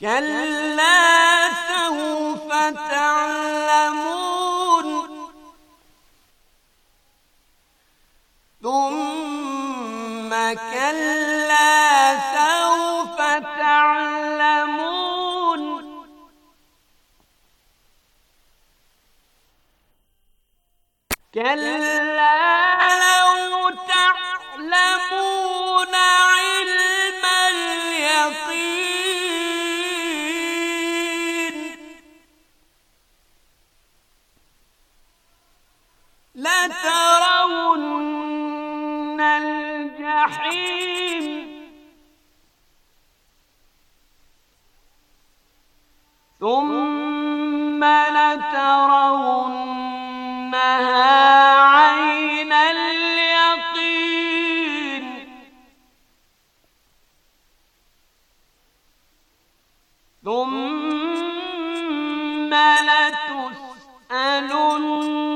كلا سوف تعلمون ثم كلا سوف تعلمون كلا لو تعلمون علم اليقين لترون الجحيم ثم لترونها عين اليقين ثم لتسألن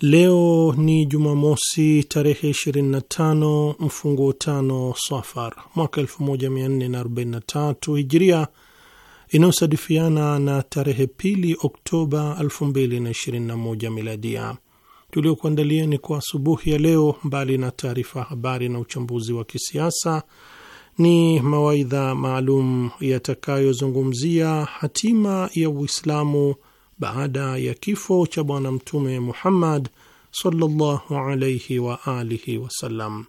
Leo ni Jumamosi tarehe 25 mfunguo tano Safar mwaka 1443 Hijria, inayosadifiana na tarehe pili Oktoba 2021 Miladia. Tuliokuandalieni kwa asubuhi ya leo, mbali na taarifa habari na uchambuzi wa kisiasa, ni mawaidha maalum yatakayozungumzia hatima ya Uislamu baada ya kifo cha Bwana Mtume Muhammad sallallahu alaihi wa alihi wasallam.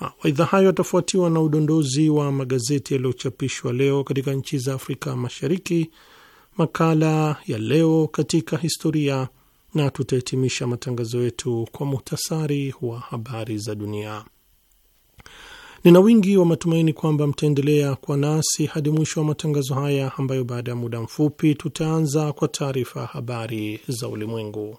Mawaidha hayo yatafuatiwa na udondozi wa magazeti yaliyochapishwa leo katika nchi za Afrika Mashariki, makala ya leo katika historia, na tutahitimisha matangazo yetu kwa muhtasari wa habari za dunia. Nina wingi wa matumaini kwamba mtaendelea kwa nasi hadi mwisho wa matangazo haya ambayo baada ya muda mfupi tutaanza kwa taarifa habari za ulimwengu.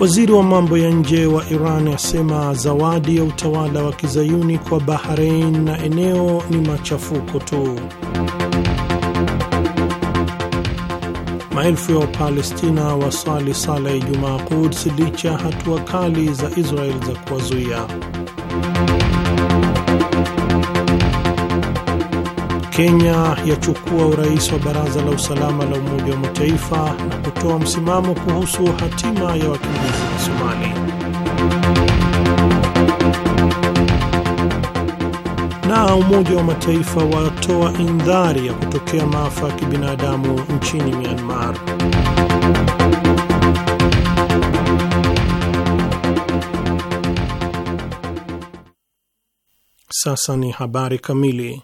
Waziri wa mambo ya nje wa Iran asema zawadi ya utawala wa kizayuni kwa bahrein na eneo ni machafuko tu. Maelfu ya Wapalestina wasali sala ya Ijumaa Quds licha hatua kali za israel za kuwazuia. Kenya yachukua urais wa baraza la usalama la Umoja wa Mataifa na kutoa msimamo kuhusu hatima ya wakimbizi wa Somali. Na Umoja wa Mataifa watoa indhari ya kutokea maafa ya kibinadamu nchini Myanmar. Sasa ni habari kamili.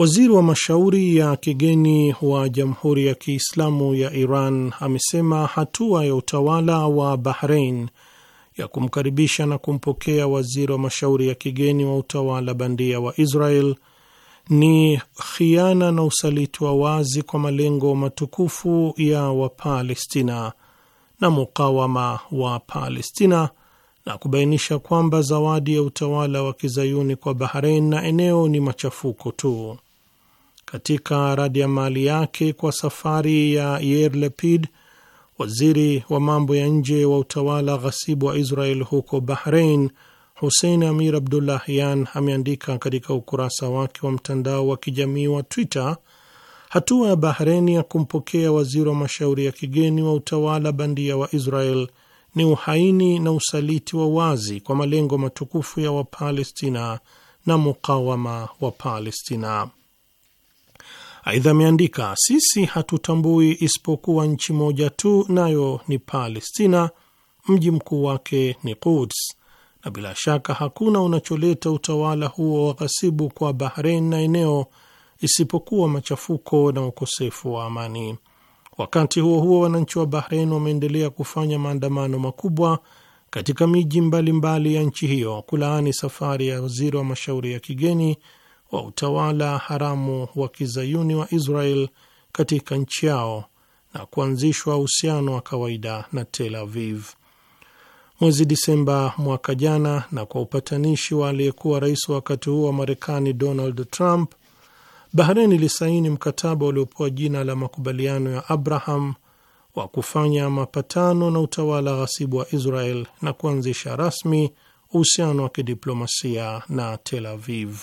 Waziri wa mashauri ya kigeni wa Jamhuri ya Kiislamu ya Iran amesema hatua ya utawala wa bahrein ya kumkaribisha na kumpokea waziri wa mashauri ya kigeni wa utawala bandia wa Israel ni khiana na usaliti wa wazi kwa malengo matukufu ya Wapalestina na mukawama wa Palestina na kubainisha kwamba zawadi ya utawala wa kizayuni kwa bahrein na eneo ni machafuko tu katika radi ya mali yake kwa safari ya Yair Lapid, waziri wa mambo ya nje wa utawala ghasibu wa Israel huko Bahrain, Hussein Amir Abdullahyan ameandika katika ukurasa wake wa mtandao wa kijamii wa Twitter, hatua ya Bahreni ya kumpokea waziri wa mashauri ya kigeni wa utawala bandia wa Israel ni uhaini na usaliti wa wazi kwa malengo matukufu ya Wapalestina na mukawama wa Palestina. Aidha ameandika sisi hatutambui isipokuwa nchi moja tu, nayo ni Palestina, mji mkuu wake ni Quds, na bila shaka hakuna unacholeta utawala huo wa ghasibu kwa Bahrein na eneo isipokuwa machafuko na ukosefu wa amani. Wakati huo huo, wananchi wa Bahrein wameendelea kufanya maandamano makubwa katika miji mbalimbali ya nchi hiyo kulaani safari ya waziri wa mashauri ya kigeni wa utawala haramu wa kizayuni wa Israel katika nchi yao na kuanzishwa uhusiano wa kawaida na Tel Aviv. Mwezi Disemba mwaka jana, na kwa upatanishi wa aliyekuwa rais wakati huo wa Marekani Donald Trump, Bahrain ilisaini mkataba uliopewa jina la makubaliano ya Abraham wa kufanya mapatano na utawala ghasibu wa Israel na kuanzisha rasmi uhusiano wa kidiplomasia na Tel Aviv.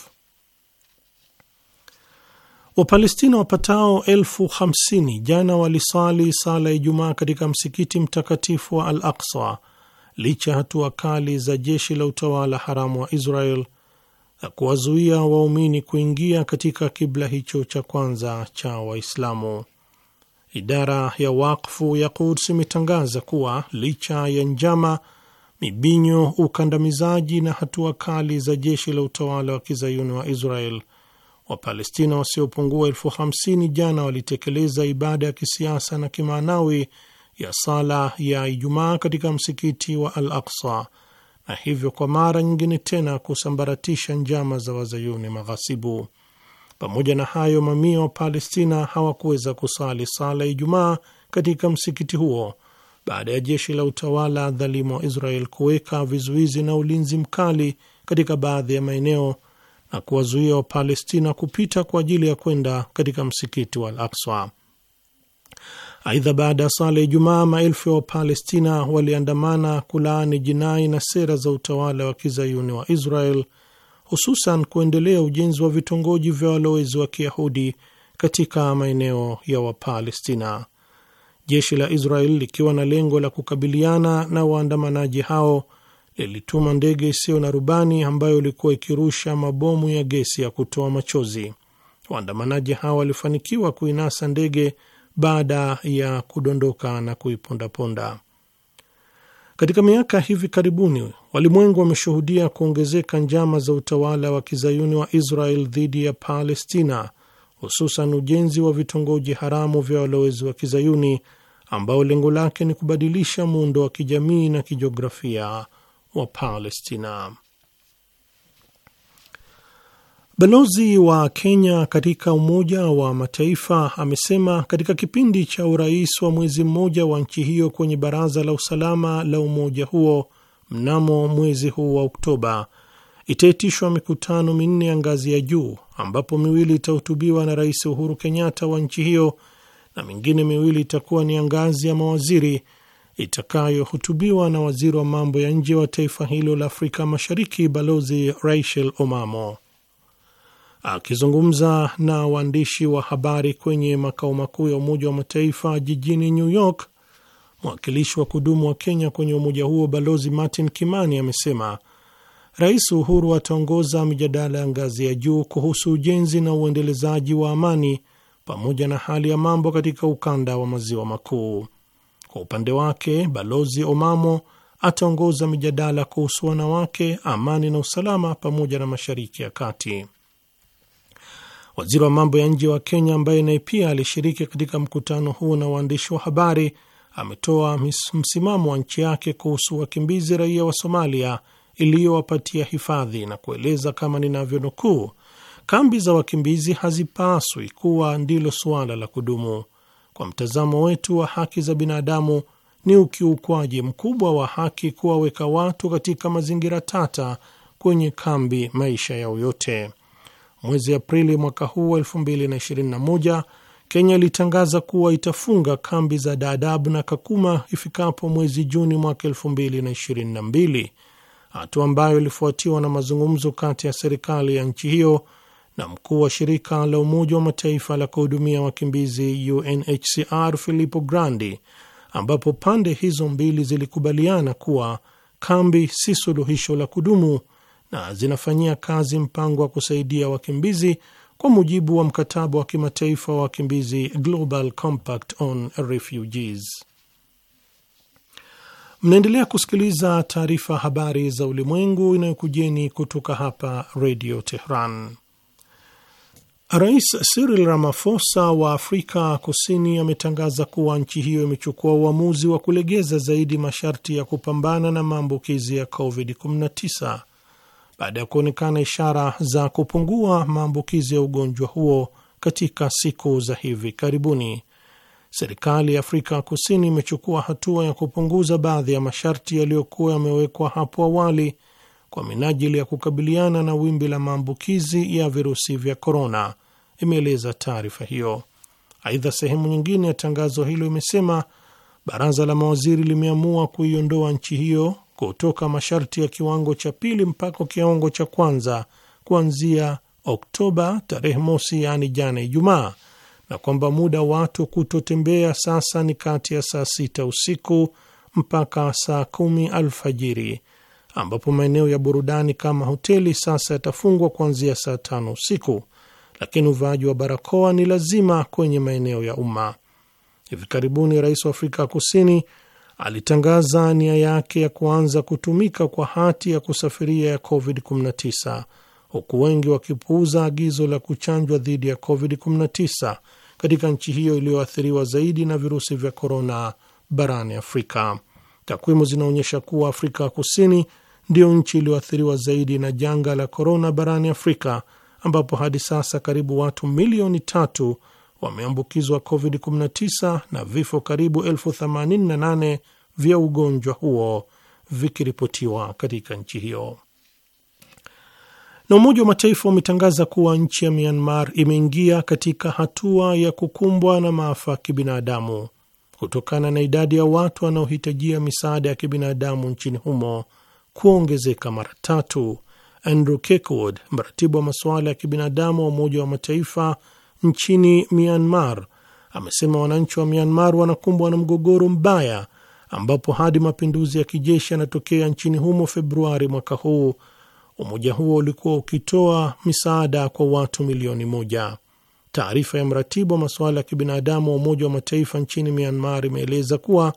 Wapalestina wapatao elfu hamsini jana walisali sala ya Ijumaa katika msikiti mtakatifu wa Al aksa licha ya hatua kali za jeshi la utawala haramu wa Israel na kuwazuia waumini kuingia katika kibla hicho cha kwanza cha Waislamu. Idara ya wakfu ya Quds imetangaza kuwa licha ya njama, mibinyo, ukandamizaji na hatua kali za jeshi la utawala wa kizayuni wa Israel, Wapalestina wasiopungua elfu hamsini jana walitekeleza ibada ya kisiasa na kimaanawi ya sala ya Ijumaa katika msikiti wa Al Aksa na hivyo kwa mara nyingine tena kusambaratisha njama za wazayuni maghasibu. Pamoja na hayo, mamia wa Palestina hawakuweza kusali sala ya Ijumaa katika msikiti huo baada ya jeshi la utawala dhalimu wa Israel kuweka vizuizi na ulinzi mkali katika baadhi ya maeneo na kuwazuia Wapalestina kupita kwa ajili ya kwenda katika msikiti wa Al Aksa. Aidha, baada ya sala ya Ijumaa, maelfu ya Wapalestina waliandamana kulaani jinai na sera za utawala wa kizayuni wa Israel, hususan kuendelea ujenzi wa vitongoji vya walowezi wa kiyahudi katika maeneo ya Wapalestina. Jeshi la Israel likiwa na lengo la kukabiliana na waandamanaji hao lilituma ndege isiyo na rubani ambayo ilikuwa ikirusha mabomu ya gesi ya kutoa machozi. Waandamanaji hawa walifanikiwa kuinasa ndege baada ya kudondoka na kuipondaponda. Katika miaka hivi karibuni, walimwengu wameshuhudia kuongezeka njama za utawala wa kizayuni wa Israel dhidi ya Palestina, hususan ujenzi wa vitongoji haramu vya walowezi wa kizayuni ambao lengo lake ni kubadilisha muundo wa kijamii na kijiografia wa Palestina. Balozi wa Kenya katika Umoja wa Mataifa amesema katika kipindi cha urais wa mwezi mmoja wa nchi hiyo kwenye Baraza la Usalama la umoja huo mnamo mwezi huu wa Oktoba itaitishwa mikutano minne ya ngazi ya juu, ambapo miwili itahutubiwa na Rais Uhuru Kenyatta wa nchi hiyo na mingine miwili itakuwa ni ya ngazi ya mawaziri itakayohutubiwa na waziri wa mambo ya nje wa taifa hilo la Afrika Mashariki, Balozi Rachel Omamo. Akizungumza na waandishi wa habari kwenye makao makuu ya Umoja wa Mataifa jijini New York, mwakilishi wa kudumu wa Kenya kwenye umoja huo Balozi Martin Kimani amesema Rais Uhuru ataongoza mijadala ya ngazi ya juu kuhusu ujenzi na uendelezaji wa amani pamoja na hali ya mambo katika ukanda wa maziwa makuu. Kwa upande wake, Balozi Omamo ataongoza mijadala kuhusu wanawake, amani na usalama, pamoja na Mashariki ya Kati. Waziri wa mambo ya nje wa Kenya, ambaye naye pia alishiriki katika mkutano huo na waandishi wa habari, ametoa msimamo wa nchi yake kuhusu wakimbizi raia wa Somalia iliyowapatia hifadhi na kueleza kama ninavyonukuu, kambi za wakimbizi hazipaswi kuwa ndilo suala la kudumu kwa mtazamo wetu wa haki za binadamu ni ukiukwaji mkubwa wa haki kuwaweka watu katika mazingira tata kwenye kambi maisha yao yote. Mwezi Aprili mwaka huu 2021, Kenya ilitangaza kuwa itafunga kambi za Dadaab na Kakuma ifikapo mwezi Juni mwaka 2022, hatua ambayo ilifuatiwa na mazungumzo kati ya serikali ya nchi hiyo na mkuu wa shirika la Umoja wa Mataifa la kuhudumia wakimbizi UNHCR Filippo Grandi, ambapo pande hizo mbili zilikubaliana kuwa kambi si suluhisho la kudumu na zinafanyia kazi mpango wa kusaidia wakimbizi kwa mujibu wa mkataba wa kimataifa wa wakimbizi Global Compact on Refugees. Mnaendelea kusikiliza taarifa habari za ulimwengu inayokujeni kutoka hapa Radio Tehran. Rais Cyril Ramaphosa wa Afrika Kusini ametangaza kuwa nchi hiyo imechukua uamuzi wa kulegeza zaidi masharti ya kupambana na maambukizi ya COVID-19 baada ya kuonekana ishara za kupungua maambukizi ya ugonjwa huo katika siku za hivi karibuni. Serikali ya Afrika Kusini imechukua hatua ya kupunguza baadhi ya masharti yaliyokuwa yamewekwa hapo awali kwa minajili ya kukabiliana na wimbi la maambukizi ya virusi vya korona, imeeleza taarifa hiyo. Aidha, sehemu nyingine ya tangazo hilo imesema baraza la mawaziri limeamua kuiondoa nchi hiyo kutoka masharti ya kiwango cha pili mpaka kiwango cha kwanza kuanzia Oktoba tarehe mosi, yaani jana Ijumaa, na kwamba muda watu kutotembea sasa ni kati ya saa sita usiku mpaka saa kumi alfajiri ambapo maeneo ya burudani kama hoteli sasa yatafungwa kuanzia saa tano usiku, lakini uvaaji wa barakoa ni lazima kwenye maeneo ya umma. Hivi karibuni rais wa Afrika Kusini alitangaza nia yake ya kuanza kutumika kwa hati ya kusafiria ya COVID-19 huku wengi wakipuuza agizo la kuchanjwa dhidi ya COVID-19 katika nchi hiyo iliyoathiriwa zaidi na virusi vya korona barani Afrika. Takwimu zinaonyesha kuwa Afrika Kusini ndio nchi iliyoathiriwa zaidi na janga la korona barani Afrika, ambapo hadi sasa karibu watu milioni tatu wameambukizwa COVID-19 na vifo karibu elfu 88 vya ugonjwa huo vikiripotiwa katika nchi hiyo. Na Umoja wa Mataifa umetangaza kuwa nchi ya Myanmar imeingia katika hatua ya kukumbwa na maafa ya kibinadamu kutokana na idadi ya watu wanaohitajia misaada ya kibinadamu nchini humo kuongezeka mara tatu. Andrew Kirkwood, mratibu wa masuala ya kibinadamu wa Umoja wa Mataifa nchini Myanmar, amesema wananchi wa Myanmar wanakumbwa na mgogoro mbaya, ambapo hadi mapinduzi ya kijeshi yanatokea nchini humo Februari mwaka huu. Umoja huo ulikuwa ukitoa misaada kwa watu milioni moja. Taarifa ya mratibu wa masuala ya kibinadamu wa Umoja wa Mataifa nchini Myanmar imeeleza kuwa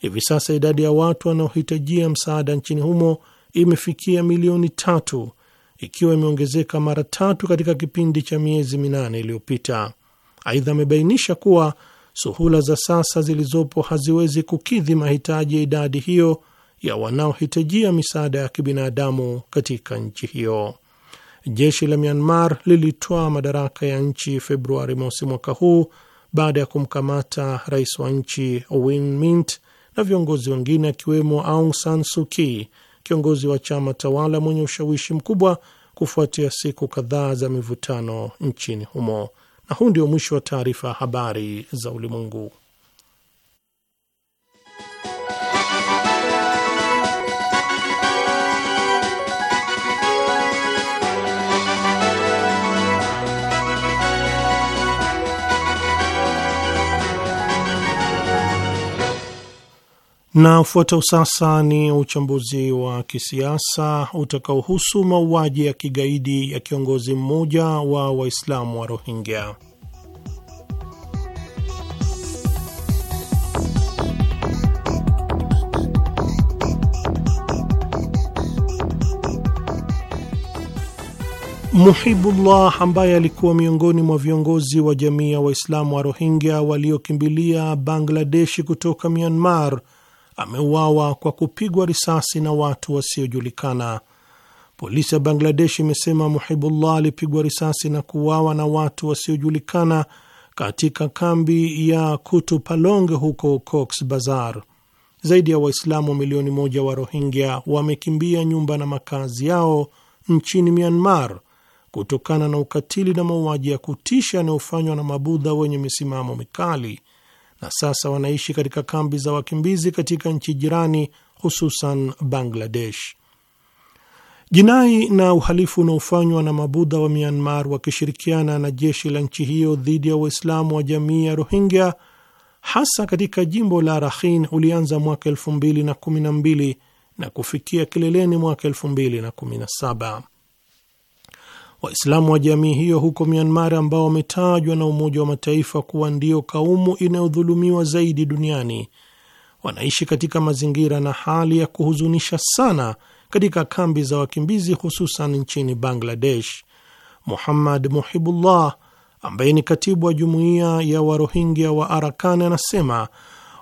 Hivi sasa idadi ya watu wanaohitajia msaada nchini humo imefikia milioni tatu ikiwa imeongezeka mara tatu katika kipindi cha miezi minane iliyopita. Aidha, amebainisha kuwa suhula za sasa zilizopo haziwezi kukidhi mahitaji ya idadi hiyo ya wanaohitajia misaada ya kibinadamu katika nchi hiyo. Jeshi la Myanmar lilitoa madaraka ya nchi Februari mosi mwaka huu baada ya kumkamata rais wa nchi Win na viongozi wengine akiwemo Aung San Suu Kyi, kiongozi wa chama tawala mwenye ushawishi mkubwa, kufuatia siku kadhaa za mivutano nchini humo. Na huu ndio mwisho wa taarifa ya habari za ulimwengu. Na ufuatao sasa ni uchambuzi wa kisiasa utakaohusu mauaji ya kigaidi ya kiongozi mmoja wa Waislamu wa Rohingya. Muhibullah ambaye alikuwa miongoni mwa viongozi wa jamii ya Waislamu wa Rohingya waliokimbilia Bangladeshi kutoka Myanmar ameuawa kwa kupigwa risasi na watu wasiojulikana. Polisi ya Bangladesh imesema Muhibullah alipigwa risasi na kuuawa na watu wasiojulikana katika kambi ya Kutupalong huko Cox Bazar. Zaidi ya Waislamu milioni moja wa Rohingya wamekimbia nyumba na makazi yao nchini Myanmar kutokana na ukatili na mauaji ya kutisha yanayofanywa na mabudha wenye misimamo mikali na sasa wanaishi katika kambi za wakimbizi katika nchi jirani, hususan Bangladesh. Jinai na uhalifu unaofanywa na mabudha wa Myanmar wakishirikiana na jeshi la nchi hiyo dhidi ya Waislamu wa jamii ya Rohingya hasa katika jimbo la Rakhine ulianza mwaka 212 na kufikia kileleni mwaka 217 Waislamu wa jamii hiyo huko Myanmar, ambao wametajwa na Umoja wa Mataifa kuwa ndio kaumu inayodhulumiwa zaidi duniani, wanaishi katika mazingira na hali ya kuhuzunisha sana katika kambi za wakimbizi, hususan nchini Bangladesh. Muhammad Muhibullah ambaye ni katibu wa jumuiya ya Warohingya wa Arakan anasema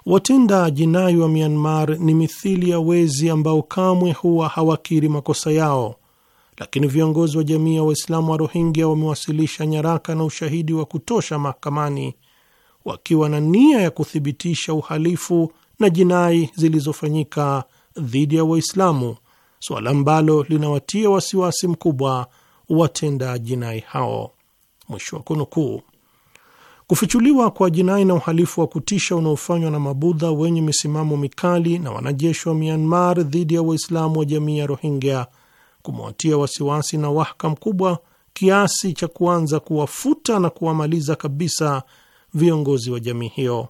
watenda jinai wa Myanmar ni mithili ya wezi ambao kamwe huwa hawakiri makosa yao lakini viongozi wa jamii ya Waislamu wa Rohingya wamewasilisha nyaraka na ushahidi wa kutosha mahakamani wakiwa na nia ya kuthibitisha uhalifu na jinai zilizofanyika dhidi ya Waislamu, suala ambalo linawatia wasiwasi mkubwa watenda jinai hao. Mwisho wa kunukuu. Kufichuliwa kwa jinai na uhalifu wa kutisha unaofanywa na mabudha wenye misimamo mikali na wanajeshi wa Myanmar dhidi ya Waislamu wa jamii ya Rohingya kumwatia wasiwasi na wahaka mkubwa kiasi cha kuanza kuwafuta na kuwamaliza kabisa viongozi wa jamii hiyo.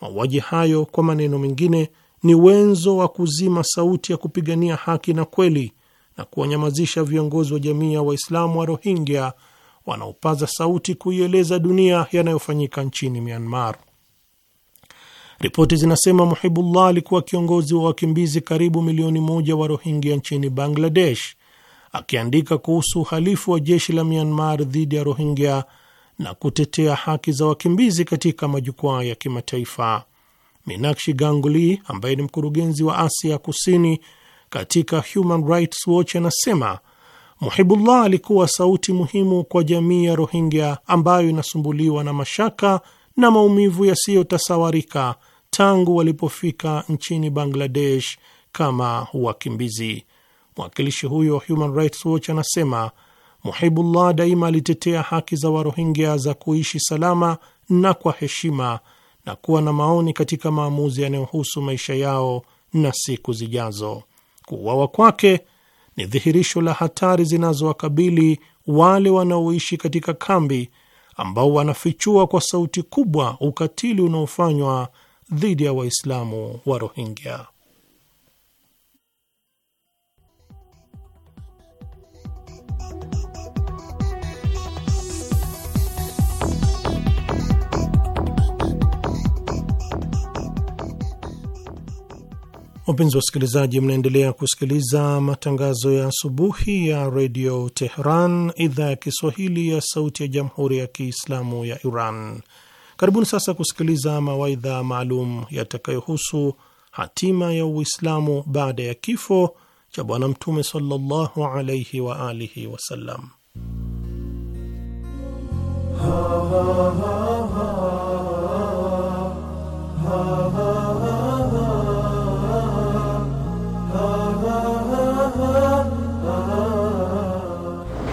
Mauaji hayo, kwa maneno mengine, ni wenzo wa kuzima sauti ya kupigania haki na kweli na kuwanyamazisha viongozi wa jamii ya Waislamu wa Rohingya wanaopaza sauti kuieleza dunia yanayofanyika nchini Myanmar. Ripoti zinasema Muhibullah alikuwa kiongozi wa wakimbizi karibu milioni moja wa Rohingya nchini Bangladesh, akiandika kuhusu uhalifu wa jeshi la Myanmar dhidi ya Rohingya na kutetea haki za wakimbizi katika majukwaa ya kimataifa. Minakshi Ganguli ambaye ni mkurugenzi wa Asia Kusini katika Human Rights Watch anasema Muhibullah alikuwa sauti muhimu kwa jamii ya Rohingya ambayo inasumbuliwa na mashaka na maumivu yasiyotasawarika tangu walipofika nchini Bangladesh kama wakimbizi. Mwakilishi huyo Human Rights Watch anasema Muhibullah daima alitetea haki za Warohingya za kuishi salama na kwa heshima na kuwa na maoni katika maamuzi yanayohusu maisha yao na siku zijazo. Kuuawa kwake ni dhihirisho la hatari zinazowakabili wale wanaoishi katika kambi ambao wanafichua kwa sauti kubwa ukatili unaofanywa dhidi ya Waislamu wa Rohingya. Wapenzi wa wasikilizaji, mnaendelea kusikiliza matangazo ya asubuhi ya redio Tehran, idhaa ya Kiswahili ya sauti ya jamhuri ya Kiislamu ya Iran. Karibuni sasa kusikiliza mawaidha maalum yatakayohusu hatima ya Uislamu baada ya kifo cha Bwana Mtume sallallahu alaihi wa alihi wasallam.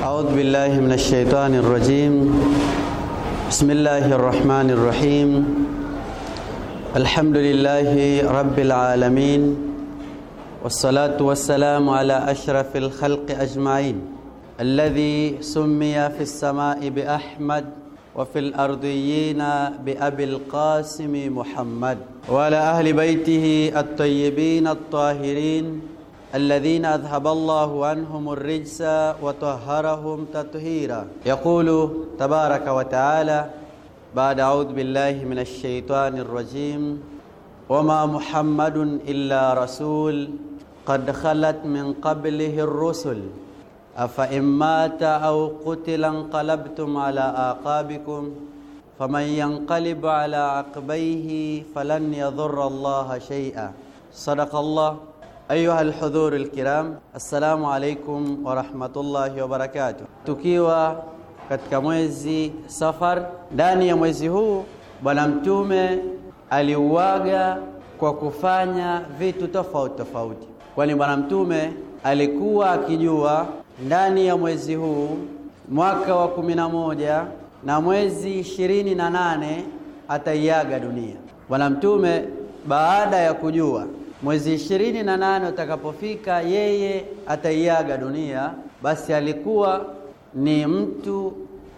Audhu billahi minash shaitani rajim بسم الله الرحمن الرحيم الحمد لله رب العالمين والصلاة والسلام على أشرف الخلق أجمعين الذي سمي في السماء بأحمد وفي الأرضيين بأبي القاسم محمد وعلى أهل بيته الطيبين الطاهرين الذين أذهب الله عنهم الرجس وطهرهم تطهيرا يقول تبارك وتعالى بعد أعوذ بالله من الشيطان الرجيم وما محمد إلا رسول قد خلت من قبله الرسل أفإن مات أو قتل انقلبتم على آقابكم فمن ينقلب على عقبيه فلن يضر الله شيئا صدق الله Ayuha alhudhuri alkiram, assalamu alaikum wa rahmatullahi Tukiwa katika mwezi Safar, ndani ya mwezi huu Bwana Mtume aliuaga kwa kufanya vitu tofauti tofauti, kwani Bwana Mtume alikuwa akijua ndani ya mwezi huu mwaka wa kumi na moja na mwezi ishirini na nane ataiaga dunia. Bwana Mtume baada ya kujua mwezi ishirini na nane utakapofika yeye ataiaga dunia, basi alikuwa ni mtu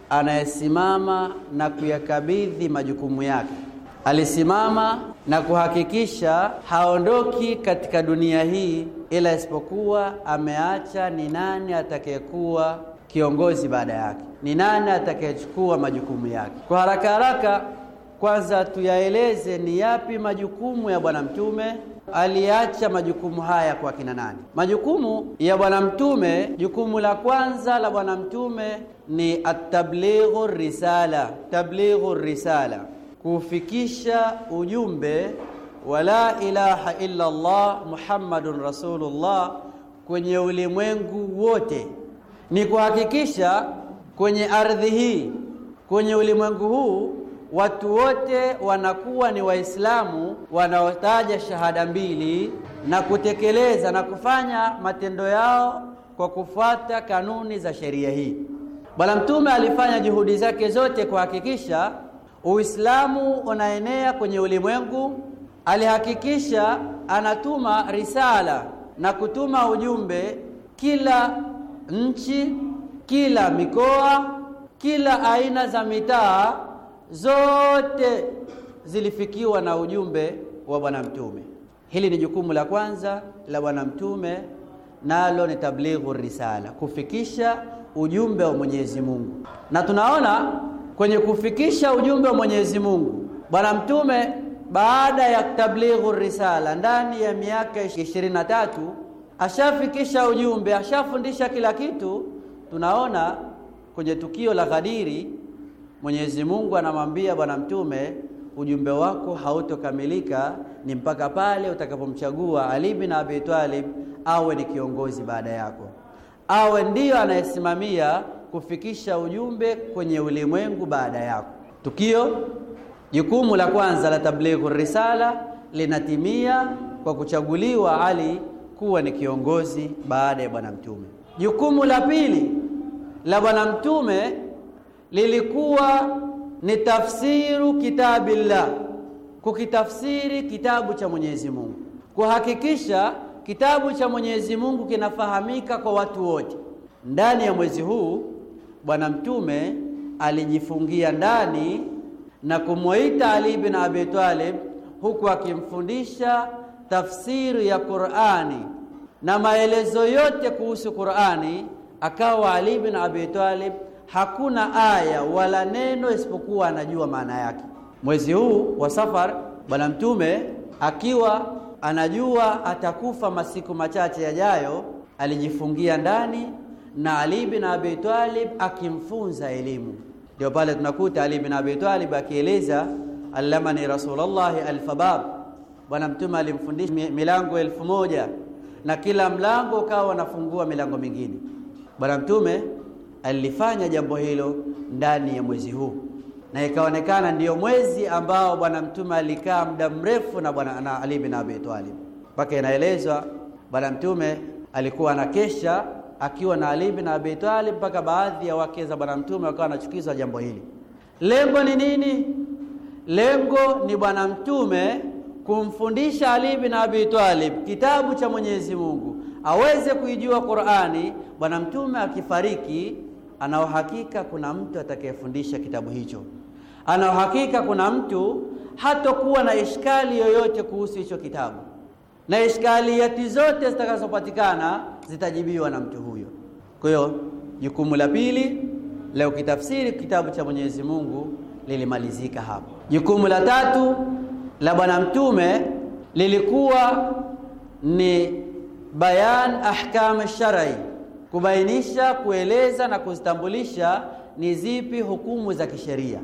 anayesimama na kuyakabidhi majukumu yake. Alisimama na kuhakikisha haondoki katika dunia hii, ila isipokuwa ameacha ni nani atakayekuwa kiongozi baada yake, ni nani atakayechukua majukumu yake. Kwa haraka haraka kwanza tuyaeleze ni yapi majukumu ya Bwana Mtume, aliacha majukumu haya kwa kina nani? Majukumu ya Bwana Mtume, jukumu la kwanza la Bwana Mtume ni atablighu risala, tablighu risala, kufikisha ujumbe wa la ilaha illa Allah Muhammadun Rasulullah kwenye ulimwengu wote, ni kuhakikisha kwenye ardhi hii, kwenye ulimwengu huu watu wote wanakuwa ni Waislamu wanaotaja shahada mbili na kutekeleza na kufanya matendo yao kwa kufuata kanuni za sheria hii. Bwana Mtume alifanya juhudi zake zote kuhakikisha Uislamu unaenea kwenye ulimwengu. Alihakikisha anatuma risala na kutuma ujumbe kila nchi, kila mikoa, kila aina za mitaa zote zilifikiwa na ujumbe wa Bwana Mtume. Hili ni jukumu la kwanza la Bwana Mtume, nalo ni tablighu risala, kufikisha ujumbe wa Mwenyezi Mungu. Na tunaona kwenye kufikisha ujumbe wa Mwenyezi Mungu, Bwana Mtume baada ya tablighu risala, ndani ya miaka 23 ashafikisha ujumbe, ashafundisha kila kitu. Tunaona kwenye tukio la Ghadiri Mwenyezi Mungu anamwambia Bwana Mtume, ujumbe wako hautokamilika ni mpaka pale utakapomchagua Ali bin Abi Talib awe ni kiongozi baada yako, awe ndiyo anayesimamia kufikisha ujumbe kwenye ulimwengu baada yako. Tukio jukumu la kwanza la tablighu risala linatimia kwa kuchaguliwa Ali kuwa ni kiongozi baada ya Bwana Mtume. Jukumu la pili la Bwana Mtume lilikuwa ni tafsiru kitabillah, kukitafsiri kitabu cha Mwenyezi Mungu, kuhakikisha kitabu cha Mwenyezi Mungu kinafahamika kwa watu wote. Ndani ya mwezi huu Bwana Mtume alijifungia ndani na kumwita Ali bin Abi Talib, huku akimfundisha tafsiri ya Qur'ani na maelezo yote kuhusu Qur'ani, akawa Ali bin Abi Talib hakuna aya wala neno isipokuwa anajua maana yake. Mwezi huu wa Safar, Bwana Mtume akiwa anajua atakufa masiku machache yajayo, alijifungia ndani na Ali bin Abi Talib akimfunza elimu. Ndio pale tunakuta Ali bin Abi Talib akieleza allamani Rasulullahi alfabab, Bwana Mtume alimfundisha milango elfu moja na kila mlango ukawa unafungua milango mingine. Bwana Mtume alifanya jambo hilo ndani ya mwezi huu, na ikaonekana ndiyo mwezi ambao Bwana Mtume alikaa muda mrefu na bwana na Ali bin Abi Talib, mpaka inaelezwa Bwana Mtume alikuwa na kesha akiwa na Ali bin Abi Talib mpaka baadhi ya wake za Bwana Mtume wakawa wanachukizwa jambo hili. Lengo ni nini? Lengo ni Bwana Mtume kumfundisha Ali bin Abi Talib kitabu cha Mwenyezi Mungu aweze kuijua Qur'ani. Bwana Mtume akifariki ana uhakika kuna mtu atakayefundisha kitabu hicho, ana uhakika kuna mtu hatokuwa na ishkali yoyote kuhusu hicho kitabu, na ishkaliyati zote zitakazopatikana zitajibiwa na mtu huyo. Kwa hiyo jukumu la pili la ukitafsiri kitabu cha Mwenyezi Mungu lilimalizika hapo. Jukumu la tatu la Bwana Mtume lilikuwa ni bayan ahkam shar'i kubainisha, kueleza na kuzitambulisha ni zipi hukumu za kisheria,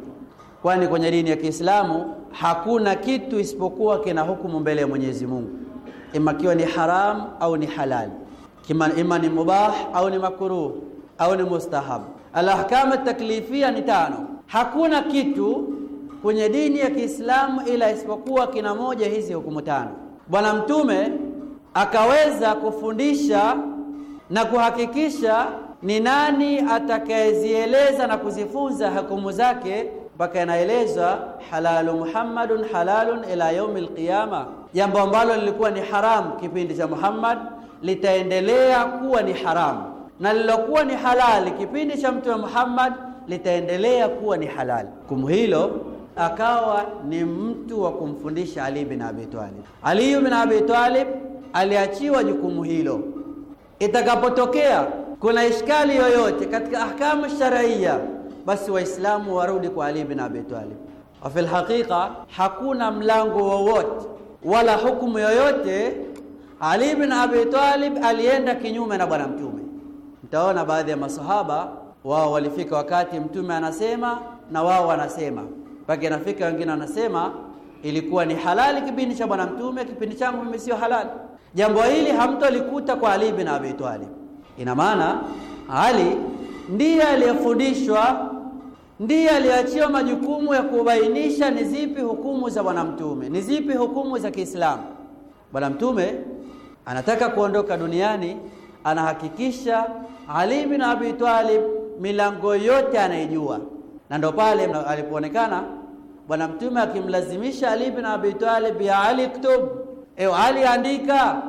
kwani kwenye dini ya Kiislamu hakuna kitu isipokuwa kina hukumu mbele ya Mwenyezi Mungu, ima kiwa ni haramu au ni halali, ima ni mubah au ni makruh au ni mustahab. Alahkamu taklifia ni tano. Hakuna kitu kwenye dini ya Kiislamu ila isipokuwa kina moja hizi hukumu tano. Bwana Mtume akaweza kufundisha na kuhakikisha ni nani atakayezieleza na kuzifunza hukumu zake mpaka yanaelezwa halalu Muhammadun halalun ila yaumi lqiyama. Jambo ambalo lilikuwa ni haramu kipindi cha Muhammad litaendelea kuwa ni haramu, na lilokuwa ni halali kipindi cha Mtume Muhammad litaendelea kuwa ni halali. Hukumu hilo akawa ni mtu wa kumfundisha Ali bin Abi Talib. Ali bin Abi Talib aliachiwa jukumu hilo Itakapotokea kuna ishkali yoyote katika ahkamu sharaiya, basi Waislamu warudi kwa Ali bin Abi Talib. Wa fil haqiqa, hakuna mlango wowote wala hukumu yoyote Ali bin Abi Talib alienda kinyume na bwana Mtume. Mtaona baadhi ya masahaba wao walifika wakati Mtume anasema na wao wanasema, mpaka inafika wengine wanasema ilikuwa ni halali kipindi cha bwana Mtume, kipindi changu mimi sio halali. Jambo hili hamtolikuta kwa Ali bin Abi Talib. Ina maana Ali ndiye aliyefundishwa, ndiye aliachiwa majukumu ya kubainisha ni zipi hukumu za Bwana Mtume, ni zipi hukumu za Kiislamu. Bwana Mtume anataka kuondoka duniani, anahakikisha Ali bin Abi Talib milango yote anaijua, na ndo pale alipoonekana Bwana Mtume akimlazimisha Ali bin Abi Talib ya Ali Ewa Ali andika.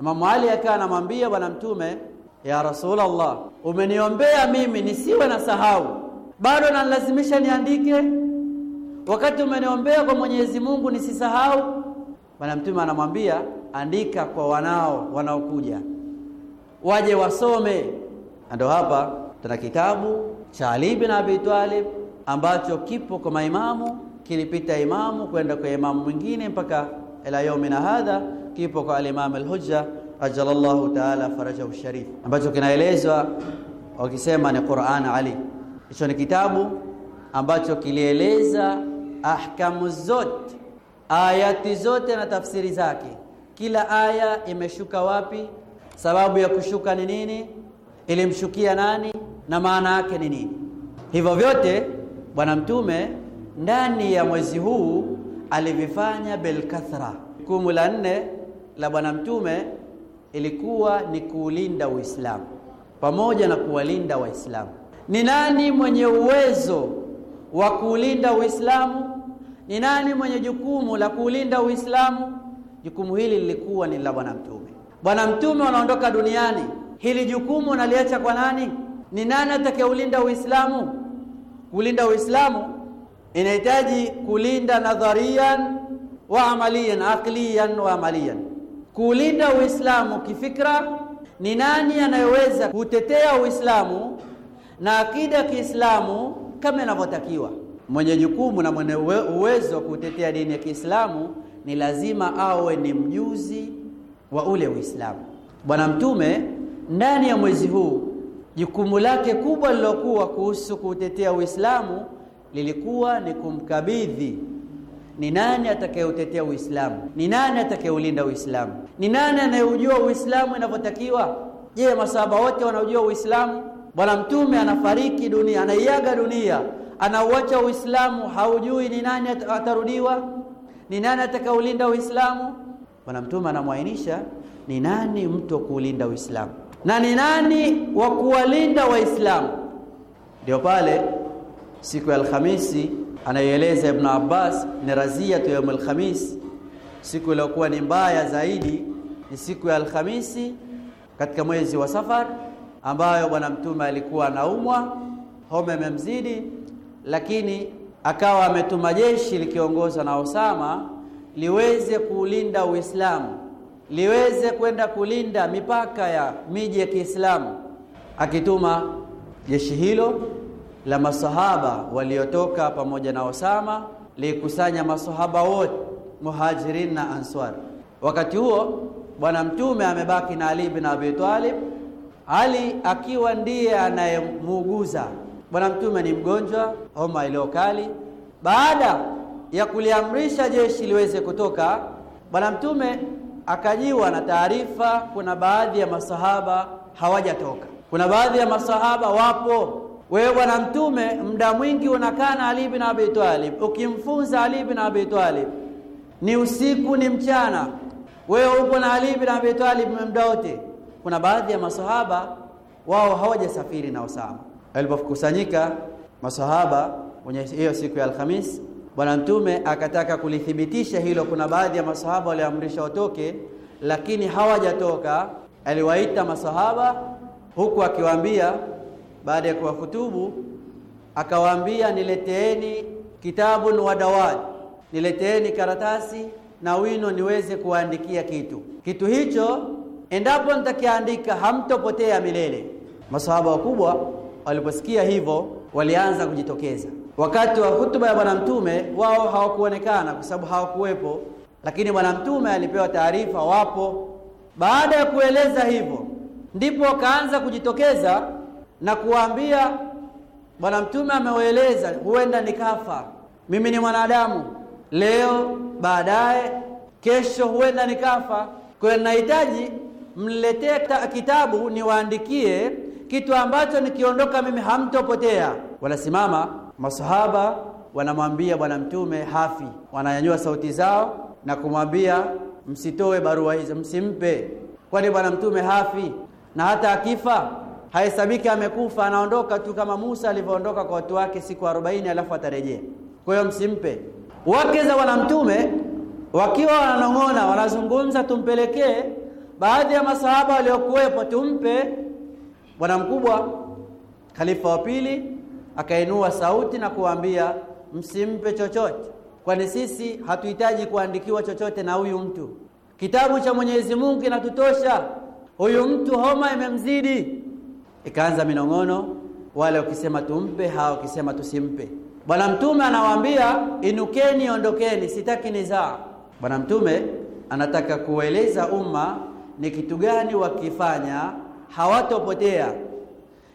Imamu Ali akawa anamwambia Bwana Mtume, ya Rasulullah, umeniombea mimi nisiwe na sahau, bado nalazimisha niandike, wakati umeniombea kwa Mwenyezi Mungu nisisahau. Bwana Mtume anamwambia andika kwa wanao wanaokuja waje wasome. Ndio hapa tuna kitabu cha Ali bin Abi Talib ambacho kipo kwa maimamu, kilipita imamu kwenda kwa imamu mwingine mpaka ila yaumina hadha kipo kwa alimam imam al-Hujja ajalallahu taala farajahu sharif, ambacho kinaelezwa wakisema ni Qur'an Ali. Hicho ni kitabu ambacho kilieleza ahkamu zote, ayati zote na tafsiri zake. Kila aya imeshuka wapi, sababu ya kushuka ni nini, ilimshukia nani na maana yake ni nini. Hivyo vyote Bwana Mtume ndani ya mwezi huu alivifanya belkathra. Jukumu la nne la Bwana Mtume ilikuwa ni kuulinda Uislamu pamoja na kuwalinda Waislamu. Ni nani mwenye uwezo wa kuulinda Uislamu? Ni nani mwenye jukumu la kuulinda Uislamu? Jukumu hili lilikuwa ni la Bwana Mtume. Bwana Mtume wanaondoka duniani, hili jukumu naliacha kwa nani? Ni nani atakayeulinda Uislamu? Kuulinda Uislamu inahitaji kulinda nadharian wa amalian, aqlian wa amalian. Kuulinda Uislamu kifikra, ni nani anayeweza kutetea Uislamu na akida ya Kiislamu kama inavyotakiwa? Mwenye jukumu na mwenye uwezo wa kutetea dini ya Kiislamu ni lazima awe ni mjuzi wa ule Uislamu. Bwana Mtume ndani ya mwezi huu jukumu lake kubwa lilokuwa kuhusu kutetea Uislamu lilikuwa ni kumkabidhi ni nani atakayeutetea Uislamu, ni nani atakayeulinda Uislamu, ni nani anayeujua Uislamu inavyotakiwa. Je, masahaba wote wanaojua Uislamu? Bwana Mtume anafariki dunia, anaiaga dunia, anauacha Uislamu, haujui ni nani atarudiwa, ni nani atakayeulinda Uislamu. Bwana Mtume anamwainisha ni nani mtu wa kuulinda Uislamu na ni nani wa kuwalinda Waislamu. Ndio pale siku ya Alhamisi anayoeleza Ibn Abbas ni raziyatu yaum Alhamis, Siku iliyokuwa ni mbaya zaidi ni siku ya Alhamisi katika mwezi wa Safar, ambayo Bwana Mtume alikuwa anaumwa, homa imemzidi, lakini akawa ametuma jeshi likiongozwa na Osama liweze kulinda Uislamu, liweze kwenda kulinda mipaka ya miji ya Kiislamu, akituma jeshi hilo la masahaba waliotoka pamoja na Osama likusanya masahaba wote muhajirin na answar. Wakati huo bwana mtume amebaki na Ali bin Abi Talib, Ali akiwa ndiye anayemuuguza bwana mtume. Ni mgonjwa homa iliyo kali. Baada ya kuliamrisha jeshi liweze kutoka, bwana mtume akajiwa na taarifa, kuna baadhi ya masahaba hawajatoka, kuna baadhi ya masahaba wapo wewe bwana Mtume, muda mwingi unakaa na Ali bin Abi Talib, ukimfunza Ali bin Abi Talib ni usiku ni mchana, wewe uko na Ali bin Abi Talib muda wote. Kuna baadhi ya masahaba wao hawajasafiri na Usama. Alipokusanyika masahaba kwenye hiyo siku ya Alhamis, bwana Mtume akataka kulithibitisha hilo. Kuna baadhi ya masahaba waliamrisha watoke, lakini hawajatoka. Aliwaita masahaba huku akiwaambia baada ya kuwahutubu akawaambia, nileteeni kitabu wa dawad, nileteeni karatasi na wino niweze kuandikia kitu. Kitu hicho endapo nitakiandika hamtopotea milele. Masahaba wakubwa waliposikia hivyo walianza kujitokeza. Wakati wa hutuba ya Bwana Mtume wao hawakuonekana kwa sababu hawakuwepo, lakini Bwana Mtume alipewa taarifa wapo. Baada ya kueleza hivyo, ndipo wakaanza kujitokeza na kuwaambia bwana mtume amewaeleza, huenda ni kafa, mimi ni mwanadamu, leo baadaye, kesho huenda ni kafa. Kwa hiyo nahitaji mniletee kitabu niwaandikie kitu ambacho nikiondoka mimi hamtopotea. Wanasimama masahaba wanamwambia bwana mtume hafi, wananyanyua sauti zao na kumwambia msitoe barua hizo, msimpe, kwani bwana mtume hafi, na hata akifa hahesabiki amekufa, anaondoka tu kama Musa alivyoondoka kwa watu wake siku 40, alafu atarejea. Kwa hiyo msimpe. Wake za bwana mtume wakiwa wananong'ona, wanazungumza, tumpelekee. Baadhi ya masahaba waliokuwepo, tumpe. Bwana mkubwa khalifa wa pili akainua sauti na kuambia, msimpe chochote, kwani sisi hatuhitaji kuandikiwa chochote na huyu mtu. Kitabu cha Mwenyezi Mungu kinatutosha. Huyu mtu homa imemzidi Ikaanza minong'ono, wale wakisema tumpe, hawa wakisema tusimpe. Bwana Mtume anawaambia inukeni, ondokeni, sitaki nizaa. Bwana Mtume anataka kueleza umma ni kitu gani wakifanya hawatopotea.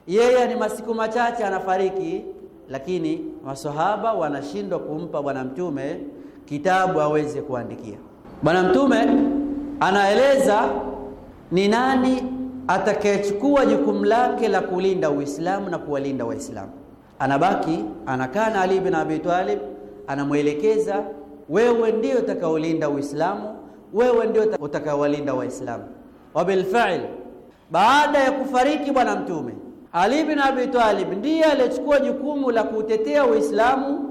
Yeye ni masiku machache anafariki, lakini masahaba wanashindwa kumpa Bwana Mtume kitabu aweze kuandikia. Bwana Mtume anaeleza ni nani atakayechukua jukumu lake la kulinda Uislamu na kuwalinda Waislamu. Anabaki anakaa na Ali bin Abi Talib, anamwelekeza wewe ndio utakaolinda Uislamu, wewe ndio utakaowalinda Waislamu. Wabilfail, baada ya kufariki Bwana Mtume, Ali bin Abi Talib ndiye aliyechukua jukumu la kuutetea Uislamu.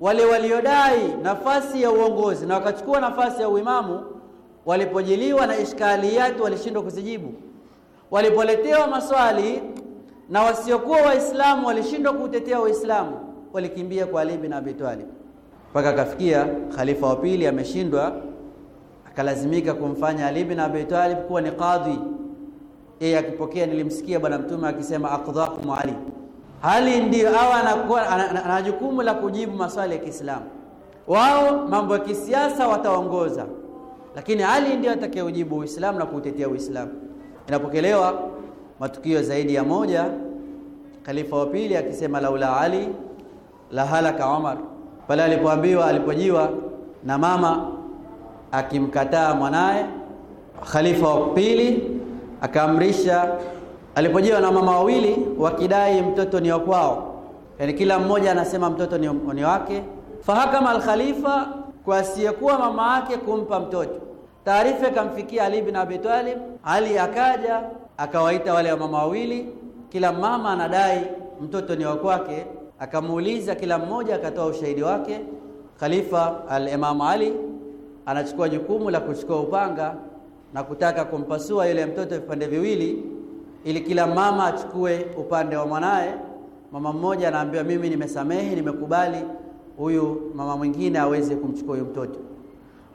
Wale waliodai nafasi ya uongozi na wakachukua nafasi ya uimamu, walipojiliwa na ishkaliyati, walishindwa kuzijibu walipoletewa maswali na wasiokuwa Waislamu walishindwa kuutetea Uislamu, walikimbia kwa Ali bin Abi Talib mpaka akafikia khalifa wa pili, ameshindwa akalazimika kumfanya Ali bin Abi Talib kuwa ni kadhi. Yeye akipokea, nilimsikia Bwana Mtume akisema aqdhakum Ali, hali ndio awa anakuwa ana jukumu la kujibu maswali ya Kiislamu. Wao mambo ya kisiasa wataongoza, lakini Ali ndio atakayeujibu Uislamu na kuutetea Uislamu. Inapokelewa matukio zaidi ya moja, khalifa wa pili akisema laula Ali la halaka Omar, pale alipoambiwa, alipojiwa na mama akimkataa mwanaye. Khalifa wa pili akaamrisha, alipojiwa na mama wawili wakidai mtoto ni wa kwao, yaani kila mmoja anasema mtoto ni, ni wake. Fahakama alkhalifa kwa asiyekuwa mama yake kumpa mtoto Taarifa ikamfikia Ali bin Abi Talib. Ali akaja akawaita wale wamama wawili, kila mama anadai mtoto ni wa kwake, akamuuliza kila mmoja, akatoa ushahidi wake. Khalifa al-Imam Ali anachukua jukumu la kuchukua upanga na kutaka kumpasua yule mtoto vipande viwili, ili kila mama achukue upande wa mwanaye. Mama mmoja anaambiwa, mimi nimesamehe, nimekubali, huyu mama mwingine aweze kumchukua huyu mtoto.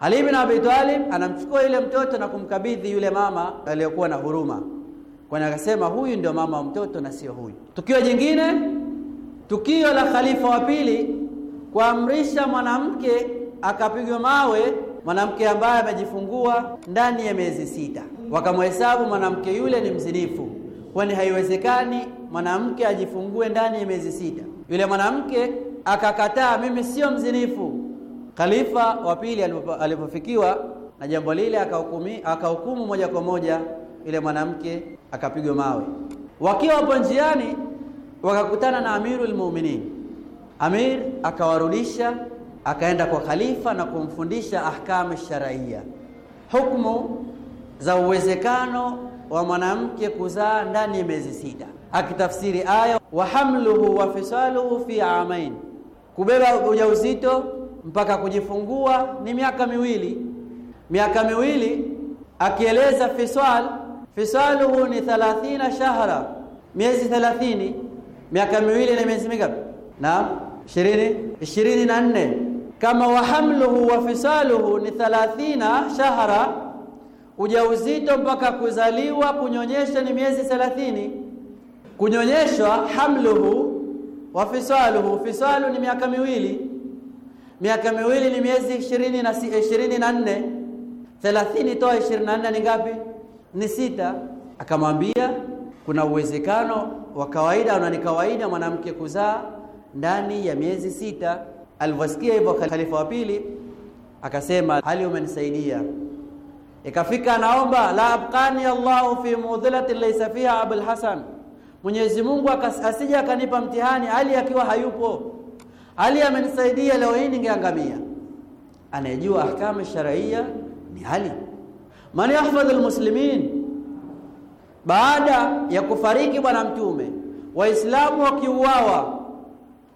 Ali bin Abi Talib anamchukua yule mtoto na kumkabidhi yule mama aliyokuwa na huruma, kwani akasema huyu ndio mama wa mtoto na sio huyu. Tukio jingine, tukio la khalifa wa pili kuamrisha mwanamke akapigwa mawe mwanamke ambaye amejifungua ndani ya miezi sita, wakamhesabu mwanamke yule ni mzinifu, kwani haiwezekani mwanamke ajifungue ndani ya miezi sita. Yule mwanamke akakataa, mimi sio mzinifu Khalifa wa pili alipofikiwa na jambo lile, akahukumu moja kwa moja, yule mwanamke akapigwa mawe. Wakiwa hapo njiani, wakakutana na Amirul Mu'minin. Amir akawarudisha, akaenda kwa khalifa na kumfundisha ahkamu sharaia, hukumu za uwezekano wa mwanamke kuzaa ndani ya miezi sita, akitafsiri aya wa hamluhu wa fisaluhu fi amain, kubeba ujauzito mpaka kujifungua ni miaka miwili miaka miwili akieleza fisal fisaluhu ni 30 shahra miezi 30 miaka miwili na miezi mingapi naam 20 24 kama wahamluhu wa fisaluhu ni 30 shahra ujauzito mpaka kuzaliwa kunyonyesha ni miezi 30 kunyonyeshwa hamluhu wa fisaluhu fisalu ni miaka miwili miaka miwili ni miezi ishirini na ishirini na nne thelathini toa ishirini na nne ni ngapi? Ni sita. Akamwambia kuna uwezekano wa kawaida na ni kawaida mwanamke kuzaa ndani ya miezi sita. Alivyosikia hivyo, khalifa wa pili akasema, hali umenisaidia. Ikafika anaomba la abqani Allahu fi mudhilati laysa fiha Abul Hasan, Mwenyezi Mungu asije akanipa mtihani hali akiwa hayupo ali amenisaidia leo hii ningeangamia. Anayejua ahkamu sharia ni Ali. Man yahfadhu almuslimin, baada ya kufariki bwana mtume, waislamu wakiuawa,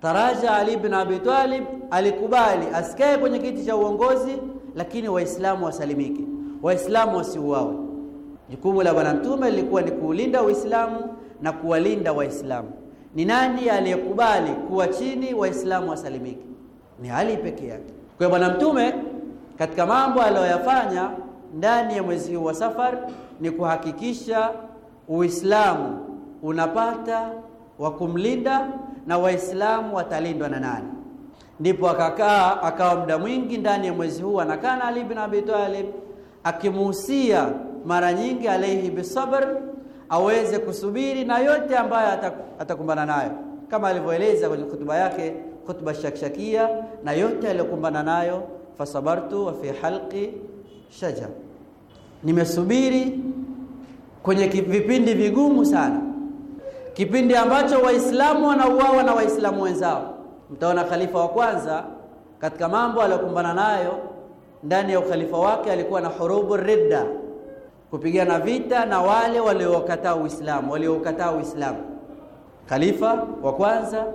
taraja Ali ibn Abi Talib alikubali asikae kwenye kiti cha uongozi, lakini waislamu wasalimike, waislamu wasiuawe. Jukumu la bwana mtume lilikuwa ni kuulinda Uislamu na kuwalinda Waislamu. Ni nani aliyekubali kuwa chini waislamu wasalimike? Ni Ali peke yake. Kwa hiyo bwana mtume katika mambo aliyoyafanya ndani ya mwezi huu wa Safar ni kuhakikisha Uislamu unapata wa kumlinda na Waislamu watalindwa na nani? Ndipo akakaa akawa muda mwingi ndani ya mwezi huu anakaa na Ali bin Abi Talib akimuhusia mara nyingi alaihi bisabr aweze kusubiri na yote ambayo atakumbana nayo, kama alivyoeleza kwenye hutuba yake, hutuba shakshakia, na yote aliyokumbana nayo, fasabartu wa fi halqi shaja, nimesubiri kwenye vipindi vigumu sana, kipindi ambacho Waislamu wanauawa na Waislamu wenzao. Mtaona khalifa wa kwanza katika mambo aliyokumbana nayo ndani ya ukhalifa wake alikuwa na hurubu ridda kupigana vita na wale waliokataa Uislamu, waliokataa Uislamu. Khalifa wa kwanza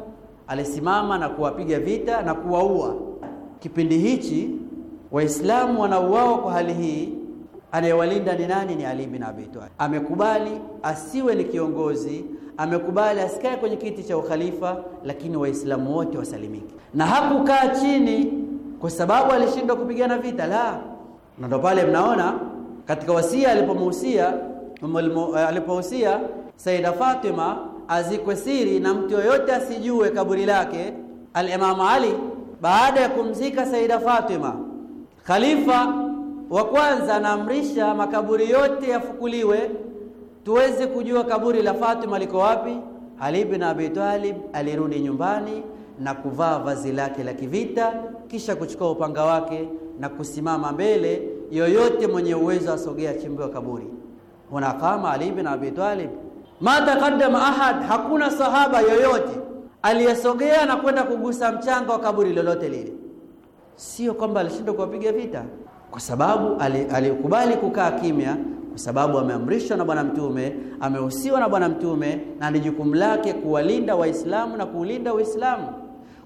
alisimama na kuwapiga vita na kuwaua. Kipindi hichi Waislamu wanauawa kwa hali hii, anayewalinda ni nani? Ni Ali bin Abi Talib. Amekubali asiwe ni kiongozi, amekubali asikae kwenye kiti cha ukhalifa, lakini Waislamu wote wasalimike. Na hakukaa chini kwa sababu alishindwa kupigana vita, la, na ndo pale mnaona katika wasia alipomuhusia eh, alipohusia Saida Fatima azikwe siri na mtu yoyote asijue kaburi lake, al-Imam Ali baada ya kumzika Saida Fatima, khalifa wa kwanza anaamrisha makaburi yote yafukuliwe, tuweze kujua kaburi la Fatima liko wapi. Ali bin Abi Talib alirudi nyumbani na kuvaa vazi lake la kivita, kisha kuchukua upanga wake na kusimama mbele yoyote mwenye uwezo asogea achimbiwa kaburi. Huna kama Ali bin Abi Talib, ma taqaddama ahad, hakuna sahaba yoyote aliyesogea na kwenda kugusa mchanga wa kaburi lolote lile. Sio kwamba alishindwa kuwapiga vita, kwa sababu alikubali kukaa kimya, kwa sababu ameamrishwa na Bwana Mtume, amehusiwa na Bwana Mtume, na ni jukumu lake kuwalinda Waislamu na kuulinda Uislamu.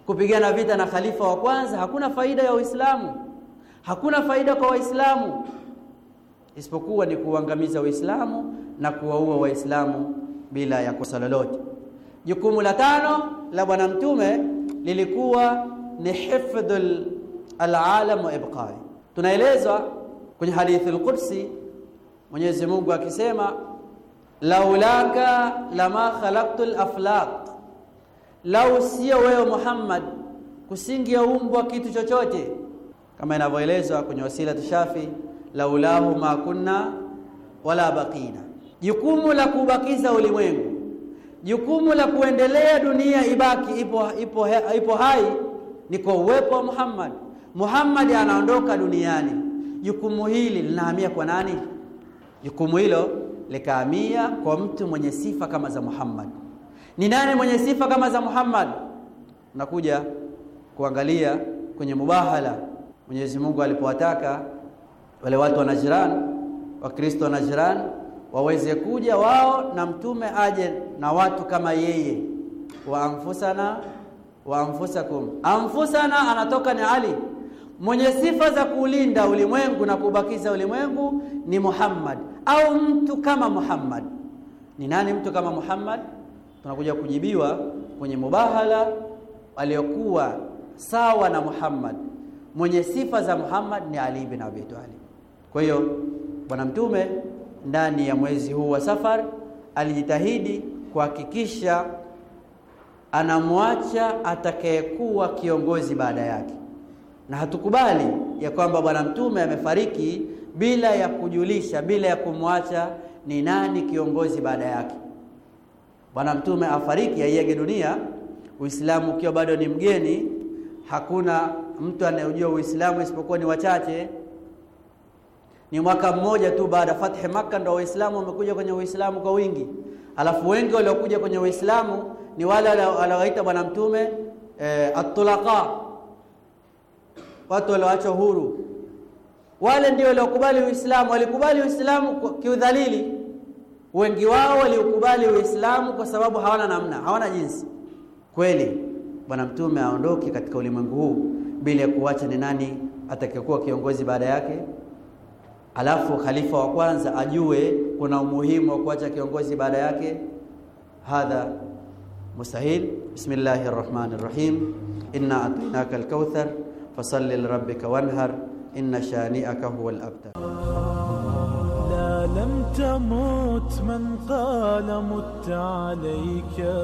Kupigana vita na khalifa wa kwanza hakuna faida ya Uislamu. Hakuna faida kwa Waislamu isipokuwa ni kuangamiza Waislamu na kuwaua Waislamu bila ya kosa lolote. Jukumu la tano la Bwana Mtume lilikuwa ni hifdhul alalam wa ibqai. Tunaelezwa kwenye hadithi al-Qudsi Mwenyezi Mungu akisema, laulaka lama al aflaq, lau sio wewe Muhammad, kusingia umbwa kitu chochote kama inavyoelezwa kwenye wasila tushafi laulahu ma kunna wala bakina. Jukumu la kubakiza ulimwengu, jukumu la kuendelea dunia ibaki ipo, ipo, ipo hai ni kwa uwepo wa Muhammad. Muhammad anaondoka duniani, jukumu hili linahamia kwa nani? Jukumu hilo likahamia kwa mtu mwenye sifa kama za Muhammad. Ni nani mwenye sifa kama za Muhammad? Nakuja kuangalia kwenye mubahala Mwenyezi Mungu alipowataka wale watu wa Najran, Wakristo wa Najran waweze kuja wao na mtume aje na watu kama yeye, wa anfusana wa anfusakum. Anfusana anatoka ni Ali mwenye sifa za kuulinda ulimwengu na kubakiza ulimwengu ni Muhammad au mtu kama Muhammad. Ni nani mtu kama Muhammad? Tunakuja kujibiwa kwenye mubahala aliyokuwa sawa na Muhammad mwenye sifa za Muhammad ni Ali bin Abi Talib. Kwa hiyo bwana mtume ndani ya mwezi huu wa Safar alijitahidi kuhakikisha anamwacha atakayekuwa kiongozi baada yake, na hatukubali ya kwamba bwana mtume amefariki bila ya kujulisha, bila ya kumwacha ni nani kiongozi baada yake. Bwana mtume afariki, aiage dunia, Uislamu ukiwa bado ni mgeni, hakuna mtu anayejua Uislamu isipokuwa ni wachache ni mwaka mmoja tu baada fathi Makka ndio Waislamu wamekuja kwenye Uislamu kwa wingi. Alafu wengi waliokuja kwenye Uislamu ni wale waliowaita bwana mtume e, eh, atulaqa, watu walioachwa huru. Wale ndio waliokubali Uislamu, walikubali Uislamu kiudhalili. Wengi wao waliukubali Uislamu kwa sababu hawana namna, hawana jinsi. Kweli bwana mtume aondoke katika ulimwengu huu bila ya kuacha ni nani atakayekuwa kiongozi baada yake alafu khalifa wa kwanza ajue kuna umuhimu wa kuacha kiongozi baada yake hadha mustahil bismillahir rahmanir rahim inna atainaka alkauthar fasalli lirabbika wanhar inna shani'aka huwal abtar La lam tamut man qala مت 'alayka.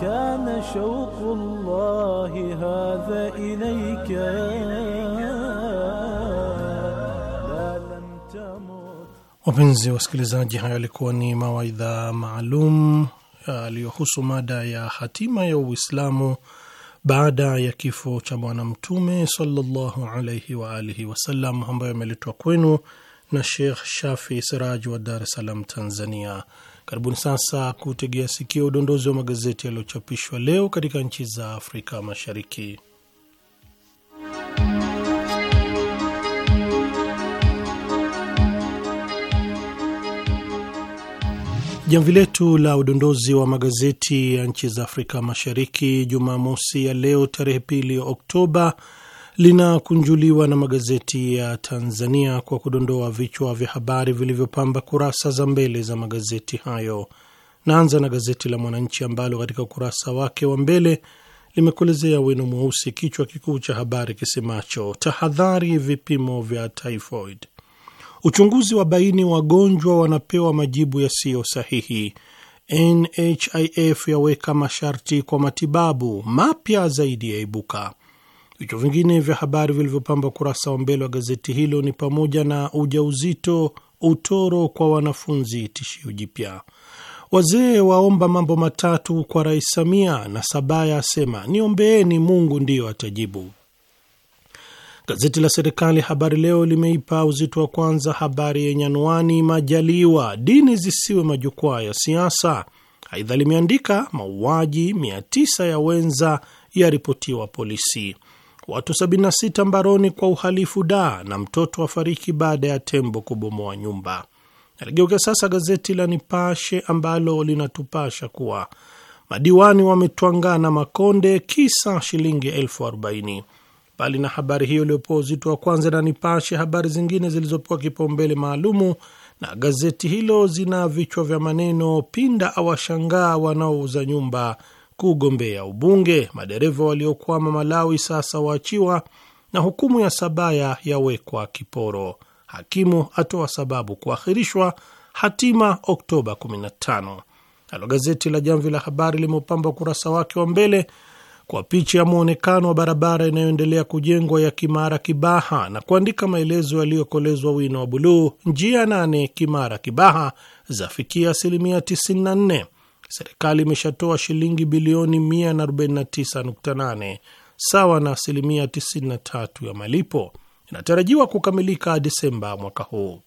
كان شوق الله هذا إليك wapenzi wasikilizaji hayo yalikuwa ni mawaidha maalum uh, yaliyohusu mada ya hatima ya uislamu baada ya kifo cha bwana mtume sallallahu alaihi wa alihi wasallam ambayo yameletwa kwenu na Sheikh Shafi siraji wa Dar es Salaam, Tanzania. Karibuni sasa kutegea sikio udondozi wa magazeti yaliyochapishwa leo katika nchi za Afrika Mashariki. Jamvi letu la udondozi wa magazeti ya nchi za Afrika Mashariki Jumamosi ya leo tarehe pili Oktoba linakunjuliwa na magazeti ya Tanzania kwa kudondoa vichwa vya habari vilivyopamba kurasa za mbele za magazeti hayo. Naanza na gazeti la Mwananchi ambalo katika ukurasa wake wa mbele limekuelezea wino mweusi kichwa kikuu cha habari kisemacho tahadhari vipimo vya typhoid, uchunguzi wa baini wagonjwa wanapewa majibu yasiyo sahihi, NHIF yaweka masharti kwa matibabu mapya zaidi yaibuka Vichwa vingine vya habari vilivyopamba ukurasa wa mbele wa gazeti hilo ni pamoja na ujauzito utoro kwa wanafunzi tishio jipya, wazee waomba mambo matatu kwa Rais Samia na Sabaya asema niombeeni Mungu ndiyo atajibu. Gazeti la serikali Habari Leo limeipa uzito wa kwanza habari yenye anwani Majaliwa, dini zisiwe majukwaa ya siasa. Aidha limeandika mauaji 9 ya wenza yaripotiwa polisi watu 76 mbaroni kwa uhalifu da na mtoto afariki baada ya tembo kubomoa nyumba. Aligeuka sasa gazeti la Nipashe ambalo linatupasha kuwa madiwani wametwangana Makonde kisa shilingi elfu arobaini. Mbali na habari hiyo iliyopewa uzito wa kwanza na Nipashe, habari zingine zilizopewa kipaumbele maalumu na gazeti hilo zina vichwa vya maneno: Pinda awashangaa wanaouza nyumba kugombea ubunge. Madereva waliokwama Malawi sasa waachiwa, na hukumu ya Sabaya yawekwa kiporo. Hakimu atoa sababu kuahirishwa hatima Oktoba 15. Nalo gazeti la Jamvi la Habari limeupamba ukurasa wake wa mbele kwa picha ya mwonekano wa barabara inayoendelea kujengwa ya Kimara Kibaha na kuandika maelezo yaliyokolezwa wino wa buluu, njia nane Kimara Kibaha zafikia asilimia 94 serikali imeshatoa shilingi bilioni 149.8 sawa na asilimia 93 ya malipo. Inatarajiwa kukamilika Desemba mwaka huu.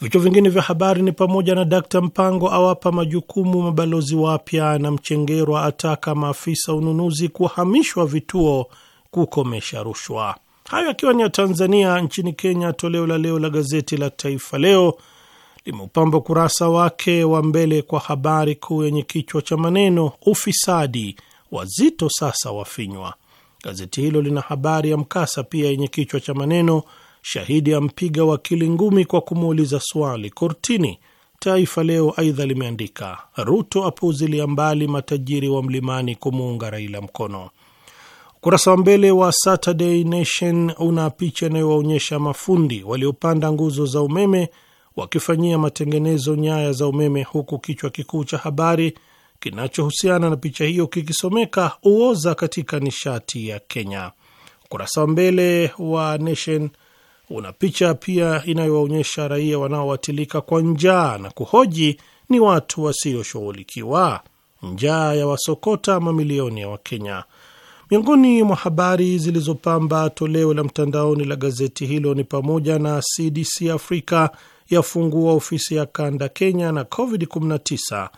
Vichwa vingine vya habari ni pamoja na Dkt Mpango awapa majukumu mabalozi wapya na Mchengerwa ataka maafisa ununuzi kuhamishwa vituo kukomesha rushwa. Hayo akiwa ni ya Tanzania. Nchini Kenya, toleo la leo la gazeti la Taifa Leo limeupamba ukurasa wake wa mbele kwa habari kuu yenye kichwa cha maneno ufisadi wazito sasa wafinywa. Gazeti hilo lina habari ya mkasa pia yenye kichwa cha maneno shahidi ampiga wakili ngumi kwa kumuuliza swali kortini. Taifa Leo aidha limeandika Ruto apuzilia mbali matajiri wa mlimani kumuunga Raila mkono. Ukurasa wa mbele wa Saturday Nation una picha inayowaonyesha mafundi waliopanda nguzo za umeme wakifanyia matengenezo nyaya za umeme, huku kichwa kikuu cha habari kinachohusiana na picha hiyo kikisomeka uoza katika nishati ya Kenya. Ukurasa wa mbele wa Nation una picha pia inayowaonyesha raia wanaowatilika kwa njaa na kuhoji ni watu wasioshughulikiwa. Njaa ya wasokota mamilioni ya Wakenya. Miongoni mwa habari zilizopamba toleo la mtandaoni la gazeti hilo ni pamoja na CDC Afrika yafungua ofisi ya kanda Kenya na COVID-19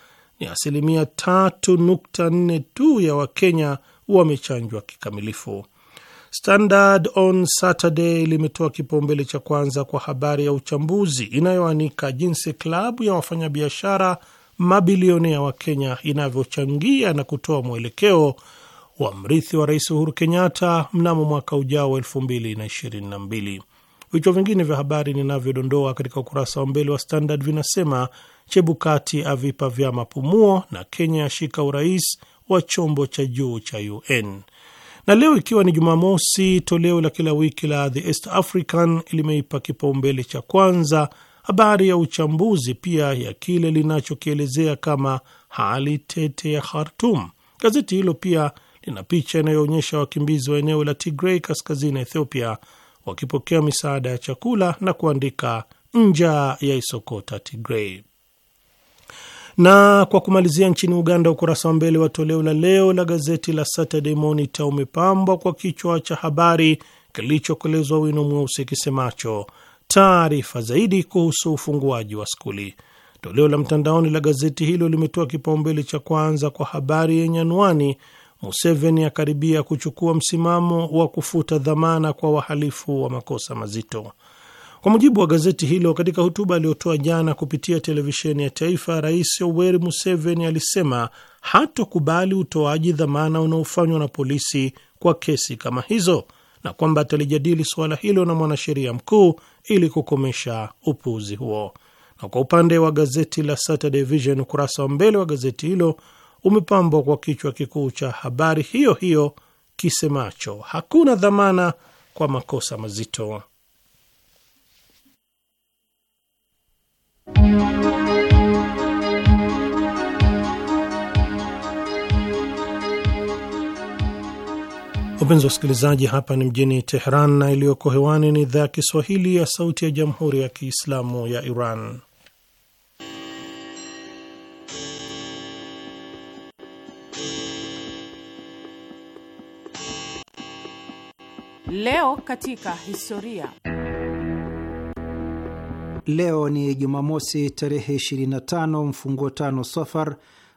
ni asilimia 3.4 tu ya Wakenya wamechanjwa kikamilifu. Standard on Saturday limetoa kipaumbele cha kwanza kwa habari ya uchambuzi inayoanika jinsi klabu ya wafanyabiashara mabilionea wa Kenya inavyochangia na kutoa mwelekeo wa mrithi wa Rais Uhuru Kenyatta mnamo mwaka ujao 2022. Vichwa vingine vya habari ninavyodondoa katika ukurasa wa mbele wa Standard vinasema Chebukati avipa vyama pumuo, na Kenya ashika urais wa chombo cha juu cha UN. Na leo ikiwa ni Jumamosi, toleo la kila wiki la The East African limeipa kipaumbele cha kwanza habari ya uchambuzi pia ya kile linachokielezea kama hali tete ya Khartum. Gazeti hilo pia lina picha inayoonyesha wakimbizi wa eneo la Tigray kaskazini Ethiopia wakipokea misaada ya chakula na kuandika njaa ya isokota Tigrei. Na kwa kumalizia, nchini Uganda, ukurasa wa mbele wa toleo la leo la gazeti la Saturday Monitor umepambwa kwa kichwa cha habari kilichokolezwa wino mweusi kisemacho taarifa zaidi kuhusu ufunguaji wa skuli. Toleo la mtandaoni la gazeti hilo limetoa kipaumbele cha kwanza kwa habari yenye anwani Museveni akaribia kuchukua msimamo wa kufuta dhamana kwa wahalifu wa makosa mazito. Kwa mujibu wa gazeti hilo, katika hotuba aliyotoa jana kupitia televisheni ya taifa, Rais Yoweri Museveni alisema hatokubali utoaji dhamana unaofanywa na polisi kwa kesi kama hizo na kwamba atalijadili suala hilo na mwanasheria mkuu ili kukomesha upuuzi huo. Na kwa upande wa gazeti la Saturday Vision, ukurasa wa mbele wa gazeti hilo umepambwa kwa kichwa kikuu cha habari hiyo hiyo kisemacho hakuna dhamana kwa makosa mazito. Wapenzi wa wasikilizaji, hapa ni mjini Teheran na iliyoko hewani ni idhaa ya Kiswahili ya Sauti ya Jamhuri ya Kiislamu ya Iran. Leo katika historia. Leo ni Jumamosi tarehe 25 mfunguo tano Safar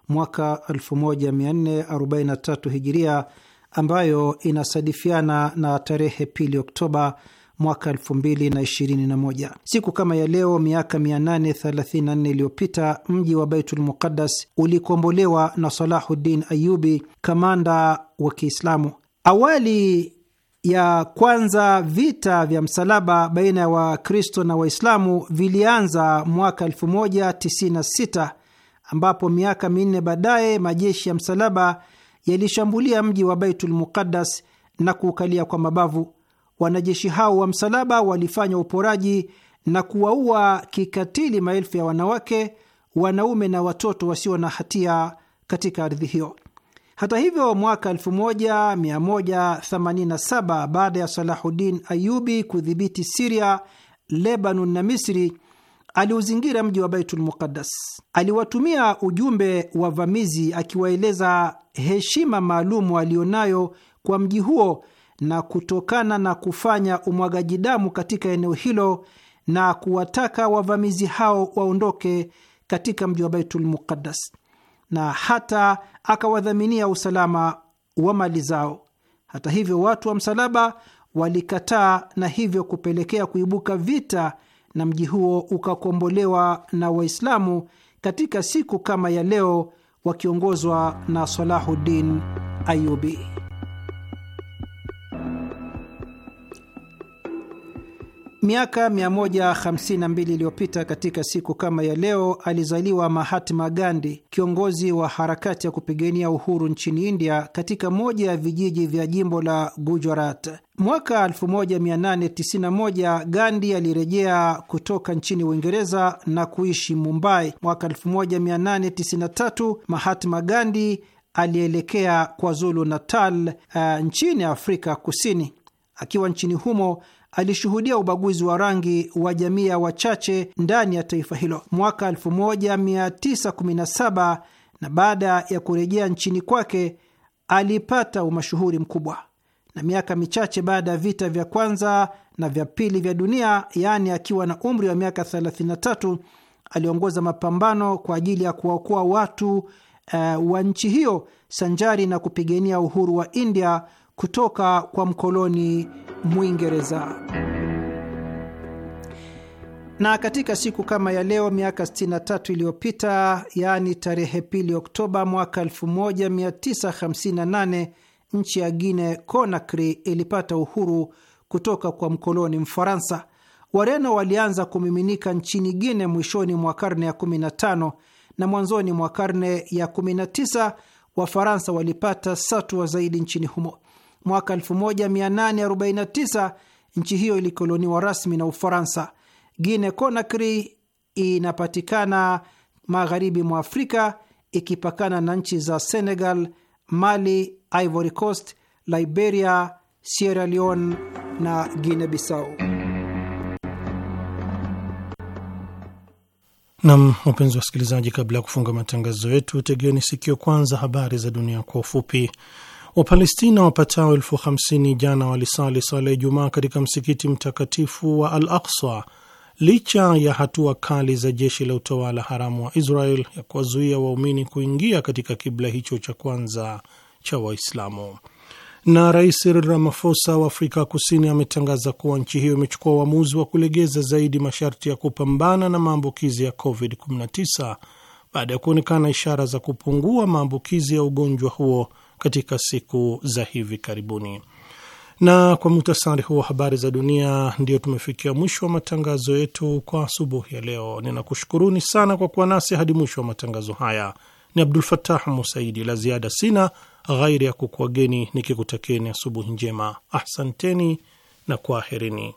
mwaka 1443 Hijiria, ambayo inasadifiana na tarehe pili Oktoba mwaka 2021. Siku kama ya leo miaka 834 iliyopita mji wa Baitul Muqaddas ulikombolewa na Salahuddin Ayubi, kamanda wa Kiislamu. Awali ya kwanza vita vya msalaba baina ya wa Wakristo na Waislamu vilianza mwaka 1096 ambapo miaka minne baadaye majeshi ya msalaba yalishambulia mji wa Baitul Muqaddas na kuukalia kwa mabavu. Wanajeshi hao wa msalaba walifanya uporaji na kuwaua kikatili maelfu ya wanawake, wanaume na watoto wasio na hatia katika ardhi hiyo. Hata hivyo, mwaka 1187 baada ya Salahuddin Ayubi kudhibiti Siria, Lebanon na Misri, aliuzingira mji wa Baitul Muqaddas. Aliwatumia ujumbe wavamizi akiwaeleza heshima maalum aliyonayo kwa mji huo na kutokana na kufanya umwagaji damu katika eneo hilo na kuwataka wavamizi hao waondoke katika mji wa Baitul Muqaddas na hata akawadhaminia usalama wa mali zao. Hata hivyo, watu wa msalaba walikataa na hivyo kupelekea kuibuka vita, na mji huo ukakombolewa na Waislamu katika siku kama ya leo wakiongozwa na Salahuddin Ayubi. Miaka 152 iliyopita katika siku kama ya leo alizaliwa Mahatma Gandhi, kiongozi wa harakati ya kupigania uhuru nchini India, katika moja ya vijiji vya jimbo la Gujarat. Mwaka 1891 Gandhi alirejea kutoka nchini Uingereza na kuishi Mumbai. Mwaka 1893 Mahatma Gandhi alielekea KwaZulu Natal, uh, eh, nchini Afrika Kusini. Akiwa nchini humo alishuhudia ubaguzi wa rangi wa jamii ya wachache ndani ya taifa hilo. Mwaka 1917 na baada ya kurejea nchini kwake alipata umashuhuri mkubwa, na miaka michache baada ya vita vya kwanza na vya pili vya dunia, yaani akiwa na umri wa miaka 33 aliongoza mapambano kwa ajili ya kuwaokoa watu uh, wa nchi hiyo sanjari na kupigania uhuru wa India kutoka kwa mkoloni Mwingereza. Na katika siku kama ya leo miaka 63 iliyopita, yaani tarehe pili Oktoba mwaka 1958 nchi ya guine Conakry ilipata uhuru kutoka kwa mkoloni Mfaransa. Wareno walianza kumiminika nchini guine mwishoni mwa karne ya 15 na mwanzoni mwa karne ya 19 Wafaransa walipata satua zaidi nchini humo. Mwaka 1849 nchi hiyo ilikoloniwa rasmi na Ufaransa. Guine Conakry inapatikana magharibi mwa Afrika ikipakana na nchi za Senegal, Mali, Ivory Coast, Liberia, Sierra Leone na Guine Bissau. Nam, wapenzi wasikilizaji, kabla ya kufunga matangazo yetu, tegeni sikio kwanza habari za dunia kwa ufupi. Wapalestina wapatao elfu hamsini jana walisali sala ya Ijumaa katika msikiti mtakatifu wa Al aksa licha ya hatua kali za jeshi la utawala haramu wa Israel ya kuwazuia waumini kuingia katika kibla hicho cha kwanza cha Waislamu. Na Rais Cyril Ramaphosa wa Afrika Kusini ametangaza kuwa nchi hiyo imechukua uamuzi wa kulegeza zaidi masharti ya kupambana na maambukizi ya COVID-19 baada ya kuonekana ishara za kupungua maambukizi ya ugonjwa huo katika siku za hivi karibuni. Na kwa muhtasari huu wa habari za dunia, ndio tumefikia mwisho wa matangazo yetu kwa asubuhi ya leo. Ninakushukuruni sana kwa kuwa nasi hadi mwisho wa matangazo haya. Ni Abdul Fatah Musaidi. La ziada sina ghairi ya kukuageni kikutakeni asubuhi njema. Ahsanteni na kwaherini.